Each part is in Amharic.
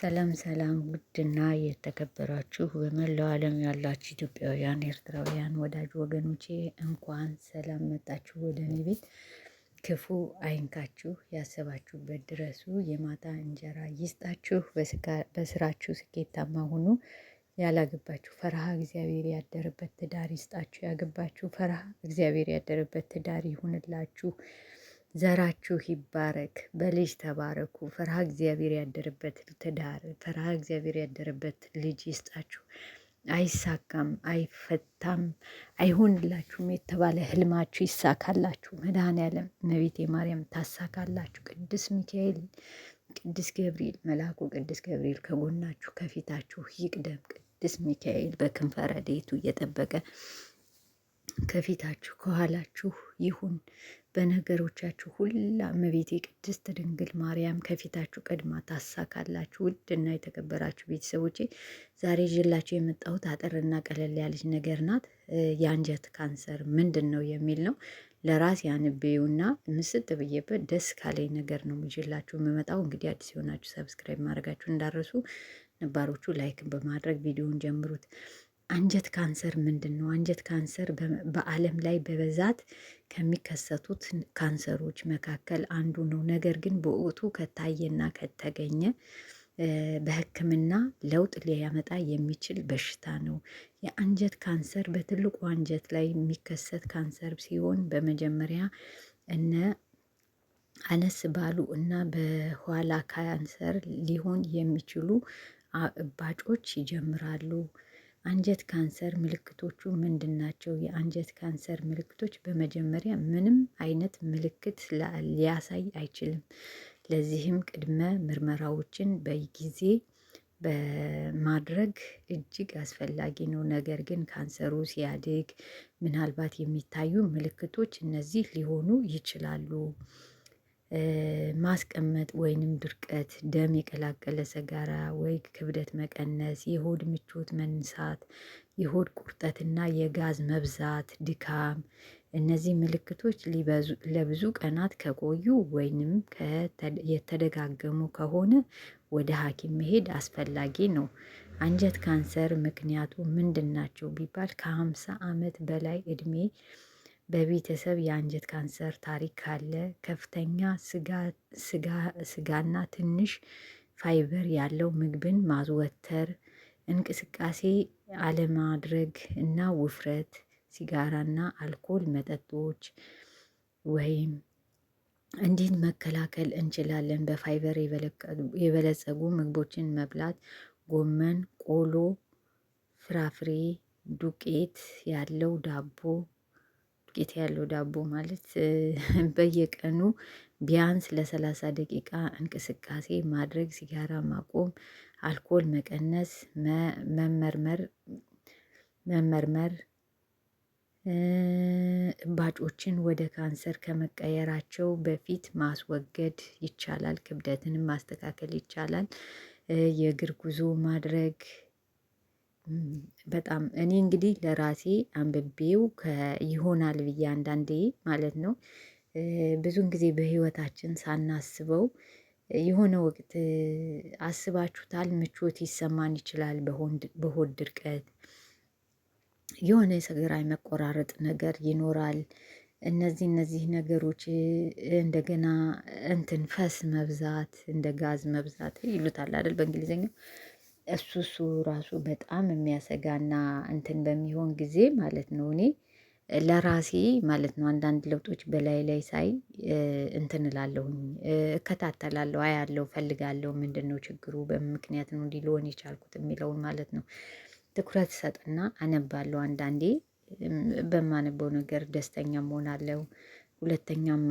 ሰላም ሰላም ውድና የተከበራችሁ በመላው ዓለም ያላችሁ ኢትዮጵያውያን፣ ኤርትራውያን ወዳጅ ወገኖቼ እንኳን ሰላም መጣችሁ ወደ እኔ ቤት። ክፉ አይንካችሁ፣ ያሰባችሁበት ድረሱ፣ የማታ እንጀራ ይስጣችሁ፣ በስራችሁ ስኬታማ ሁኑ። ያላገባችሁ ፈረሃ እግዚአብሔር ያደረበት ትዳር ይስጣችሁ። ያገባችሁ ፈረሃ እግዚአብሔር ያደረበት ትዳር ይሁንላችሁ። ዘራችሁ ይባረክ፣ በልጅ ተባረኩ። ፍርሃ እግዚአብሔር ያደረበት ትዳር፣ ፍርሃ እግዚአብሔር ያደረበት ልጅ ይስጣችሁ። አይሳካም፣ አይፈታም፣ አይሆንላችሁም የተባለ ህልማችሁ ይሳካላችሁ። መድኃኔዓለም እመቤቴ ማርያም ታሳካላችሁ። ቅዱስ ሚካኤል፣ ቅዱስ ገብርኤል፣ መልአኩ ቅዱስ ገብርኤል ከጎናችሁ ከፊታችሁ ይቅደም። ቅዱስ ሚካኤል በክንፈ ረድኤቱ እየጠበቀ ከፊታችሁ ከኋላችሁ ይሁን። በነገሮቻችሁ ሁላ እመቤቴ ቅድስት ድንግል ማርያም ከፊታችሁ ቀድማ ታሳካላችሁ። ውድና የተከበራችሁ ቤተሰቦቼ ዛሬ ይዤላችሁ የመጣሁት አጠርና ቀለል ያለች ነገር ናት። የአንጀት ካንሰር ምንድን ነው የሚል ነው። ለራስ ያንብዩና ምስጥ ብዬበት ደስ ካለኝ ነገር ነው ይዤላችሁ የምመጣው። እንግዲህ አዲስ የሆናችሁ ሰብስክራይብ ማድረጋችሁ እንዳረሱ፣ ነባሮቹ ላይክ በማድረግ ቪዲዮን ጀምሩት። አንጀት ካንሰር ምንድን ነው? አንጀት ካንሰር በዓለም ላይ በብዛት ከሚከሰቱት ካንሰሮች መካከል አንዱ ነው። ነገር ግን በወቅቱ ከታየና ከተገኘ በሕክምና ለውጥ ሊያመጣ የሚችል በሽታ ነው። የአንጀት ካንሰር በትልቁ አንጀት ላይ የሚከሰት ካንሰር ሲሆን በመጀመሪያ እነ አነስ ባሉ እና በኋላ ካንሰር ሊሆን የሚችሉ እባጮች ይጀምራሉ። አንጀት ካንሰር ምልክቶቹ ምንድን ናቸው? የአንጀት ካንሰር ምልክቶች በመጀመሪያ ምንም አይነት ምልክት ሊያሳይ አይችልም። ለዚህም ቅድመ ምርመራዎችን በጊዜ በማድረግ እጅግ አስፈላጊ ነው። ነገር ግን ካንሰሩ ሲያድግ ምናልባት የሚታዩ ምልክቶች እነዚህ ሊሆኑ ይችላሉ። ማስቀመጥ ወይንም ድርቀት፣ ደም የቀላቀለ ሰጋራ ወይ ክብደት መቀነስ፣ የሆድ ምቾት መንሳት፣ የሆድ ቁርጠትና የጋዝ መብዛት፣ ድካም እነዚህ ምልክቶች ለብዙ ቀናት ከቆዩ ወይንም የተደጋገሙ ከሆነ ወደ ሐኪም መሄድ አስፈላጊ ነው። አንጀት ካንሰር ምክንያቱ ምንድን ናቸው? ቢባል ከሃምሳ ዓመት በላይ እድሜ በቤተሰብ የአንጀት ካንሰር ታሪክ ካለ ከፍተኛ ስጋና ትንሽ ፋይበር ያለው ምግብን ማዝወተር። እንቅስቃሴ አለማድረግ እና ውፍረት፣ ሲጋራና አልኮል መጠጦች ወይም እንዴት መከላከል እንችላለን? በፋይበር የበለጸጉ ምግቦችን መብላት፣ ጎመን፣ ቆሎ፣ ፍራፍሬ፣ ዱቄት ያለው ዳቦ ዱቄት ያለው ዳቦ ማለት በየቀኑ ቢያንስ ለሰላሳ ደቂቃ እንቅስቃሴ ማድረግ፣ ሲጋራ ማቆም፣ አልኮል መቀነስ፣ መመርመር መመርመር እባጮችን ወደ ካንሰር ከመቀየራቸው በፊት ማስወገድ ይቻላል። ክብደትንም ማስተካከል ይቻላል። የእግር ጉዞ ማድረግ በጣም እኔ እንግዲህ ለራሴ አንብቤው ይሆናል ብዬ አንዳንዴ ማለት ነው። ብዙን ጊዜ በህይወታችን ሳናስበው የሆነ ወቅት አስባችሁታል? ምቾት ይሰማን ይችላል በሆድ ድርቀት የሆነ የሰገራዊ መቆራረጥ ነገር ይኖራል። እነዚህ እነዚህ ነገሮች እንደገና እንትን ፈስ መብዛት እንደ ጋዝ መብዛት ይሉታል አይደል በእንግሊዘኛው እሱ እሱ ራሱ በጣም የሚያሰጋና እንትን በሚሆን ጊዜ ማለት ነው እኔ ለራሴ ማለት ነው አንዳንድ ለውጦች በላይ ላይ ሳይ እንትን እላለሁኝ እከታተላለሁ አያለሁ ምንድን ነው ችግሩ በምን ምክንያት ነው እንዲህ ልሆን የቻልኩት የሚለውን ማለት ነው። ትኩረት ሰጥና አነባለሁ አንዳንዴ በማነበው ነገር ደስተኛ መሆናለሁ። ሁለተኛም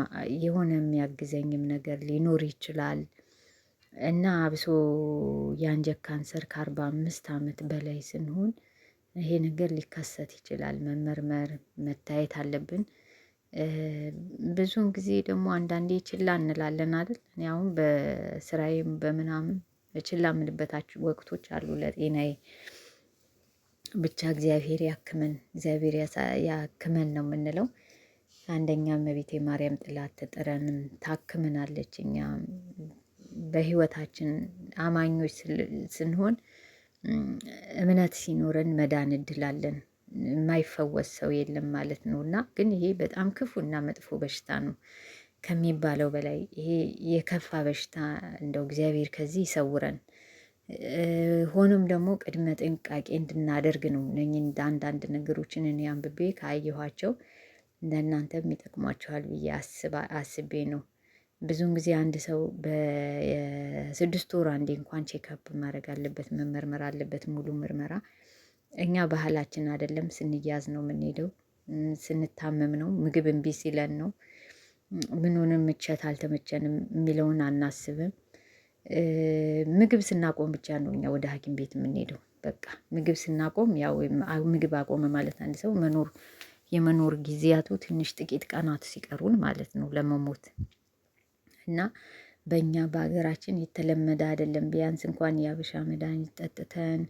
የሆነ የሚያግዘኝም ነገር ሊኖር ይችላል እና አብሶ የአንጀት ካንሰር ከአርባ አምስት ዓመት በላይ ስንሆን ይሄ ነገር ሊከሰት ይችላል። መመርመር መታየት አለብን። ብዙውን ጊዜ ደግሞ አንዳንዴ ችላ እንላለን አይደል? እኔ አሁን በስራዬም በምናምን ችላ የምልበታችሁ ወቅቶች አሉ ለጤናዬ ብቻ እግዚአብሔር ያክመን እግዚአብሔር ያክመን ነው የምንለው። አንደኛ እመቤቴ ማርያም ጥላት ተጥረንም ታክመናለች እኛ በህይወታችን አማኞች ስንሆን እምነት ሲኖረን መዳን እድላለን። የማይፈወስ ሰው የለም ማለት ነው እና ግን ይሄ በጣም ክፉ እና መጥፎ በሽታ ነው ከሚባለው በላይ ይሄ የከፋ በሽታ እንደው እግዚአብሔር ከዚህ ይሰውረን። ሆኖም ደግሞ ቅድመ ጥንቃቄ እንድናደርግ ነው እነኝን አንዳንድ ነገሮችን እኔ አንብቤ ካየኋቸው ለእናንተም ይጠቅሟችኋል ብዬ አስቤ ነው። ብዙውን ጊዜ አንድ ሰው በስድስት ወር አንዴ እንኳን ቼክአፕ ማድረግ አለበት፣ መመርመር አለበት። ሙሉ ምርመራ እኛ ባህላችን አይደለም። ስንያዝ ነው የምንሄደው፣ ስንታመም ነው፣ ምግብ እምቢ ሲለን ነው፣ ምንሆንም ምቸት አልተመቸንም የሚለውን አናስብም። ምግብ ስናቆም ብቻ ነው እኛ ወደ ሐኪም ቤት የምንሄደው። በቃ ምግብ ስናቆም ያው ምግብ አቆመ ማለት አንድ ሰው መኖር የመኖር ጊዜያቱ ትንሽ ጥቂት ቀናት ሲቀሩን ማለት ነው ለመሞት እና በእኛ በሀገራችን የተለመደ አይደለም። ቢያንስ እንኳን የሀበሻ መድኃኒት ጠጥተን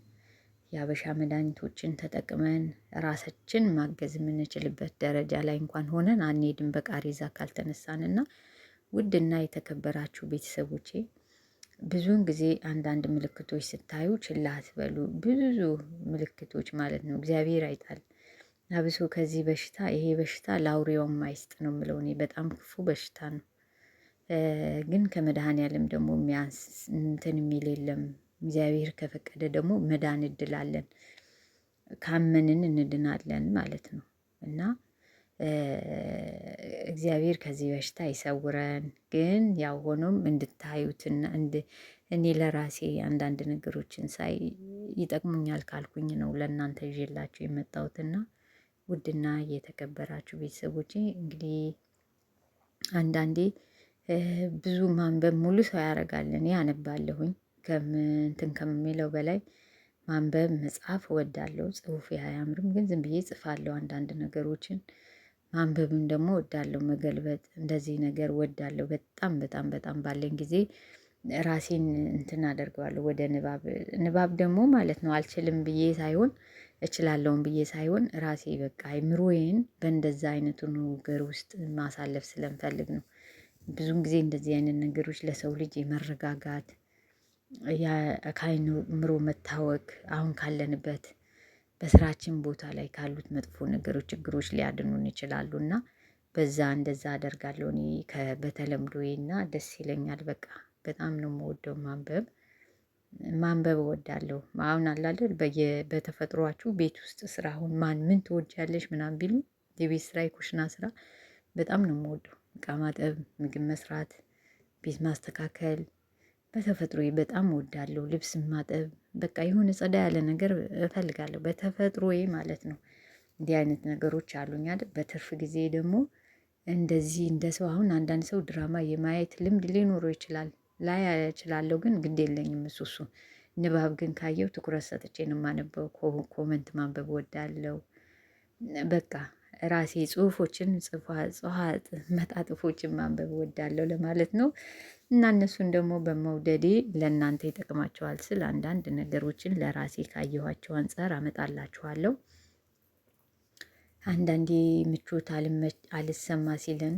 የሀበሻ መድኃኒቶችን ተጠቅመን ራሳችን ማገዝ የምንችልበት ደረጃ ላይ እንኳን ሆነን አንሄድም በቃሬዛ ካልተነሳን እና ውድና የተከበራችሁ ቤተሰቦቼ ብዙውን ጊዜ አንዳንድ ምልክቶች ስታዩ ችላ አትበሉ። ብዙ ምልክቶች ማለት ነው። እግዚአብሔር አይጣል አብሶ ከዚህ በሽታ ይሄ በሽታ ለአውሬውም አይስጥ ነው የምለው እኔ። በጣም ክፉ በሽታ ነው። ግን ከመድኃኔዓለም ደግሞ የሚያንስ እንትን የሚል የለም። እግዚአብሔር ከፈቀደ ደግሞ መዳን እድላለን፣ ካመንን እንድናለን ማለት ነው እና እግዚአብሔር ከዚህ በሽታ ይሰውረን። ግን ያው ሆኖም እንድታዩትና እኔ ለራሴ አንዳንድ ነገሮችን ሳይ ይጠቅሙኛል ካልኩኝ ነው ለእናንተ ይዤላችሁ የመጣሁትና ውድና የተከበራችሁ ቤተሰቦቼ እንግዲህ አንዳንዴ ብዙ ማንበብ ሙሉ ሰው ያደርጋል። እኔ አነባለሁኝ ከምንትን ከሚለው በላይ ማንበብ መጽሐፍ እወዳለሁ። ጽሁፍ አያምርም ግን ዝም ብዬ ጽፋለሁ አንዳንድ ነገሮችን ማንበብም ደግሞ እወዳለሁ። መገልበጥ እንደዚህ ነገር እወዳለሁ በጣም በጣም በጣም ባለኝ ጊዜ ራሴን እንትን አደርገዋለሁ ወደ ንባብ ንባብ ደግሞ ማለት ነው አልችልም ብዬ ሳይሆን እችላለውን ብዬ ሳይሆን ራሴ በቃ አይምሮዬን በእንደዛ አይነቱ ነገር ውስጥ ማሳለፍ ስለምፈልግ ነው። ብዙን ጊዜ እንደዚህ አይነት ነገሮች ለሰው ልጅ የመረጋጋት ከአይምሮ መታወቅ አሁን ካለንበት በስራችን ቦታ ላይ ካሉት መጥፎ ነገሮች፣ ችግሮች ሊያድኑን ይችላሉ እና በዛ እንደዛ አደርጋለሁ እኔ በተለምዶዬ እና ደስ ይለኛል። በቃ በጣም ነው የምወደው ማንበብ ማንበብ እወዳለሁ። አሁን አላደል በተፈጥሯችሁ ቤት ውስጥ ስራ አሁን ማን ምን ትወጃለሽ ምናምን ቢሉ የቤት ስራ የኩሽና ስራ በጣም ነው የምወደው። እቃ ማጠብ፣ ምግብ መስራት፣ ቤት ማስተካከል በተፈጥሮ በጣም እወዳለሁ። ልብስ ማጠብ በቃ የሆነ ጸዳ ያለ ነገር እፈልጋለሁ በተፈጥሮ ማለት ነው። እንዲህ አይነት ነገሮች አሉኝ አይደል? በትርፍ ጊዜ ደግሞ እንደዚህ እንደ ሰው አሁን አንዳንድ ሰው ድራማ የማየት ልምድ ሊኖረው ይችላል ላይ እችላለሁ ግን ግድ የለኝም እሱ እሱ ንባብ ግን ካየው ትኩረት ሰጥቼ ነው የማነበው ኮመንት ማንበብ ወዳለው በቃ ራሴ ጽሁፎችን ጽዋጽዋት መጣጥፎችን ማንበብ እወዳለሁ ለማለት ነው። እና እነሱን ደግሞ በመውደዴ ለእናንተ ይጠቅማቸዋል ስል አንዳንድ ነገሮችን ለራሴ ካየኋቸው አንጻር አመጣላችኋለሁ። አንዳንዴ ምቾት አልሰማ ሲለን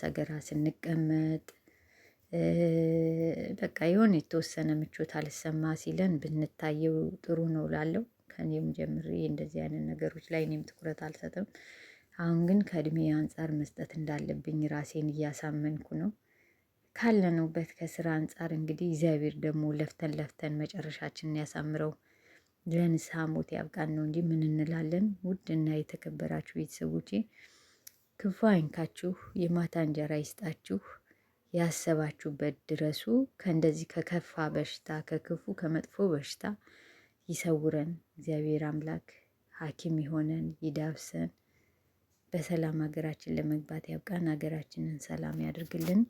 ሰገራ ስንቀመጥ በቃ የሆነ የተወሰነ ምቾት አልሰማ ሲለን ብንታየው ጥሩ ነው ላለው ከኔም ጀምሬ እንደዚህ አይነት ነገሮች ላይ እኔም ትኩረት አልሰጥም። አሁን ግን ከእድሜ አንጻር መስጠት እንዳለብኝ ራሴን እያሳመንኩ ነው። ካለንበት ከስራ አንጻር እንግዲህ እግዚአብሔር ደግሞ ለፍተን ለፍተን መጨረሻችንን ያሳምረው ለንስሐ ሞት ያብቃን ነው እንጂ ምን እንላለን? ውድ እና የተከበራችሁ ቤተሰቦች ክፉ አይንካችሁ፣ የማታ እንጀራ ይስጣችሁ፣ ያሰባችሁበት ድረሱ። ከእንደዚህ ከከፋ በሽታ ከክፉ ከመጥፎ በሽታ ይሰውረን። እግዚአብሔር አምላክ ሐኪም ይሆነን ይዳብሰን። በሰላም ሀገራችን ለመግባት ያብቃን። ሀገራችንን ሰላም ያድርግልን።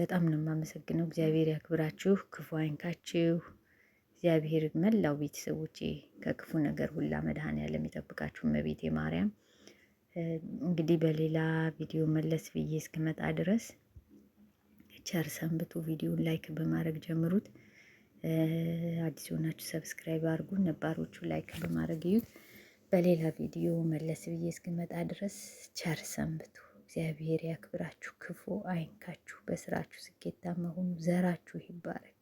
በጣም ነው የማመሰግነው። እግዚአብሔር ያክብራችሁ፣ ክፉ አይንካችሁ። እግዚአብሔር መላው ቤተሰቦቼ ከክፉ ነገር ሁላ መድኃኔዓለም ይጠብቃችሁ። እመቤቴ ማርያም እንግዲህ በሌላ ቪዲዮ መለስ ብዬ እስክመጣ ድረስ ቸር ሰንብቱ። ቪዲዮን ላይክ በማድረግ ጀምሩት። አዲስ የሆናችሁ ሰብስክራይብ አድርጉ፣ ነባሮቹ ላይክ በማድረግ እዩት። በሌላ ቪዲዮ መለስ ብዬ እስክመጣ ድረስ ቸር ሰንብቱ። እግዚአብሔር ያክብራችሁ፣ ክፉ አይንካችሁ፣ በስራችሁ ስኬታማ ሁኑ፣ ዘራችሁ ይባረክ።